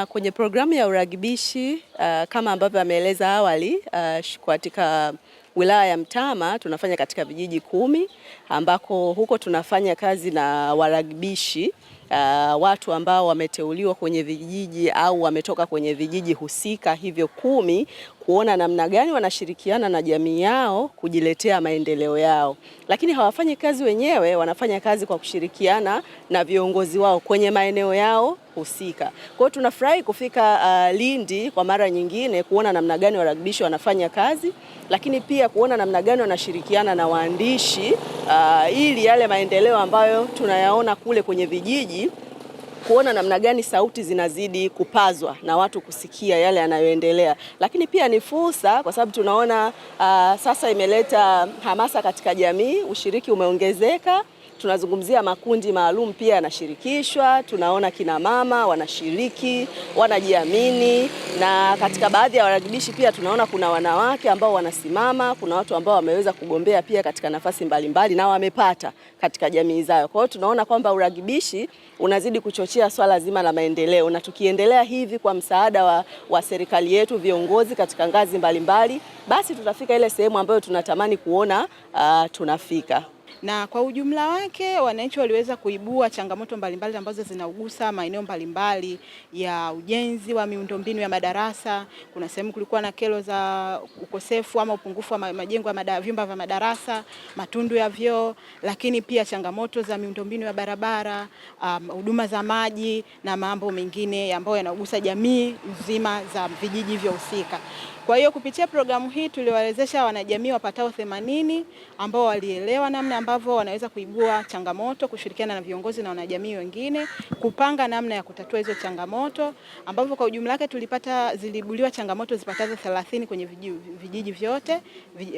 Ah, kwenye programu ya uragibishi uh, ah, kama ambavyo ameeleza awali uh, katika wilaya ya Mtama tunafanya katika vijiji kumi ambako huko tunafanya kazi na waragibishi uh, watu ambao wameteuliwa kwenye vijiji au wametoka kwenye vijiji husika hivyo kumi kuona namna gani wanashirikiana na jamii yao kujiletea maendeleo yao, lakini hawafanyi kazi wenyewe, wanafanya kazi kwa kushirikiana na viongozi wao kwenye maeneo yao husika. Kwa hiyo tunafurahi kufika uh, Lindi kwa mara nyingine kuona namna gani waragbishi wanafanya kazi, lakini pia kuona namna gani wanashirikiana na waandishi uh, ili yale maendeleo ambayo tunayaona kule kwenye vijiji kuona namna gani sauti zinazidi kupazwa na watu kusikia yale yanayoendelea, lakini pia ni fursa kwa sababu tunaona uh, sasa imeleta hamasa katika jamii, ushiriki umeongezeka tunazungumzia makundi maalum pia yanashirikishwa. Tunaona kina mama wanashiriki, wanajiamini, na katika baadhi ya wawakilishi pia tunaona kuna wanawake ambao wanasimama, kuna watu ambao wameweza kugombea pia katika nafasi mbalimbali mbali, na wamepata katika jamii zao. Kwa hiyo tunaona kwamba uragibishi unazidi kuchochea swala zima la maendeleo, na tukiendelea hivi kwa msaada wa, wa serikali yetu, viongozi katika ngazi mbalimbali mbali, basi tutafika ile sehemu ambayo tunatamani kuona uh, tunafika na kwa ujumla wake wananchi waliweza kuibua changamoto mbalimbali ambazo zinaugusa maeneo mbalimbali ya ujenzi wa miundombinu ya madarasa. Kuna sehemu kulikuwa na kero za ukosefu ama upungufu wa majengo ya vyumba vya madarasa, matundu ya vyoo, lakini pia changamoto za miundombinu ya barabara, um, huduma um, za maji na mambo mengine ambayo yanaugusa jamii nzima za vijiji vya husika. Kwa hiyo kupitia programu hii tuliwawezesha wanajamii wapatao themanini ambao walielewa namna ambavyo wanaweza kuibua changamoto, kushirikiana na viongozi na wanajamii wengine kupanga namna ya kutatua hizo changamoto, ambavyo kwa ujumla yake tulipata ziliibuliwa changamoto zipatazo 30 kwenye vijiji, vijiji vyote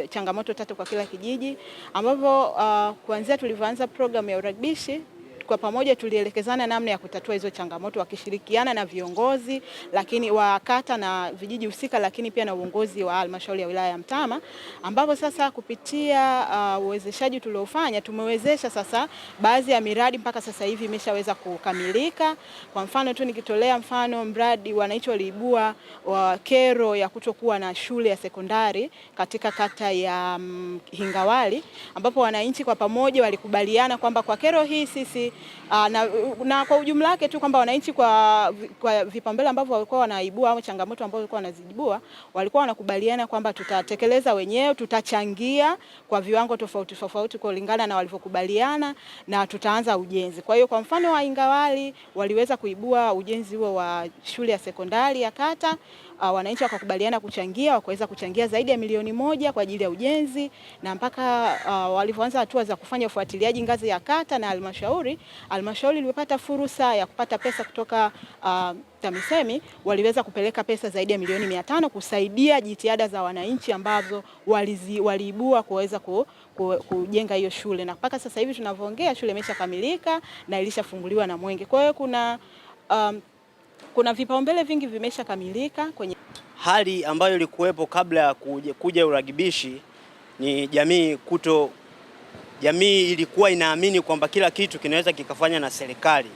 changamoto tatu kwa kila kijiji ambavyo uh, kuanzia tulivyoanza programu ya uragibishi kwa pamoja tulielekezana namna ya kutatua hizo changamoto wakishirikiana na viongozi lakini wa kata na vijiji husika, lakini pia na uongozi wa halmashauri ya wilaya ya Mtama, ambapo sasa kupitia uh, uwezeshaji uh, tuliofanya tumewezesha sasa baadhi ya miradi mpaka sasa hivi imeshaweza kukamilika. Kwa mfano tu nikitolea mfano mradi wananchi waliibua wa kero ya kutokuwa na shule ya sekondari katika kata ya um, Hingawali ambapo wananchi kwa pamoja walikubaliana kwamba kwa kero hii sisi Aa, ah, na, na kwa ujumla wake tu kwamba wananchi kwa, kwa vipaumbele ambavyo walikuwa wanaibua au changamoto ambazo walikuwa wanazijibua walikuwa wanakubaliana kwamba tutatekeleza wenyewe, tutachangia kwa viwango tofauti tofauti kulingana na walivyokubaliana na tutaanza ujenzi. Kwa hiyo kwa mfano wa Ingawali waliweza kuibua ujenzi huo wa shule ya sekondari ya kata. Uh, wananchi wakakubaliana kuchangia, wakaweza kuchangia zaidi ya milioni moja kwa ajili ya ujenzi na mpaka uh, walivyoanza hatua za kufanya ufuatiliaji ngazi ya kata na halmashauri Halmashauri ilipopata fursa ya kupata pesa kutoka uh, TAMISEMI waliweza kupeleka pesa zaidi ya milioni mia tano kusaidia jitihada za wananchi ambazo walizi, waliibua kuweza ku, ku, kujenga hiyo shule, na mpaka sasa hivi tunavyoongea shule imeshakamilika na ilishafunguliwa na Mwenge. Kwa hiyo kuna um, kuna vipaumbele vingi vimeshakamilika kwenye hali ambayo ilikuwepo kabla ya kuja uragibishi ni jamii kuto jamii ilikuwa inaamini kwamba kila kitu kinaweza kikafanya na serikali,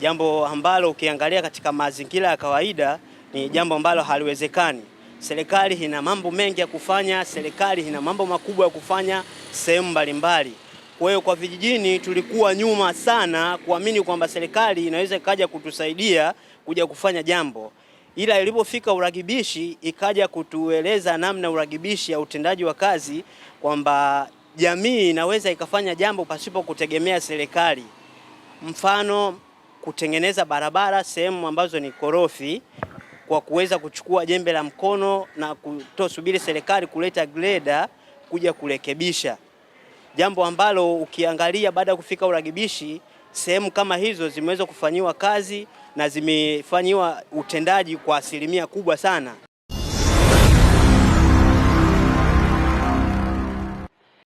jambo ambalo ukiangalia katika mazingira ya kawaida ni jambo ambalo haliwezekani. Serikali ina mambo mengi ya kufanya, serikali ina mambo makubwa ya kufanya sehemu mbalimbali. Kwa hiyo kwa vijijini tulikuwa nyuma sana kuamini kwamba serikali inaweza ikaja kutusaidia kuja kufanya jambo, ila ilipofika uragibishi ikaja kutueleza namna uragibishi ya utendaji wa kazi kwamba jamii inaweza ikafanya jambo pasipo kutegemea serikali, mfano kutengeneza barabara sehemu ambazo ni korofi kwa kuweza kuchukua jembe la mkono na kutosubiri serikali kuleta greda kuja kurekebisha, jambo ambalo ukiangalia baada ya kufika uragibishi sehemu kama hizo zimeweza kufanyiwa kazi na zimefanyiwa utendaji kwa asilimia kubwa sana.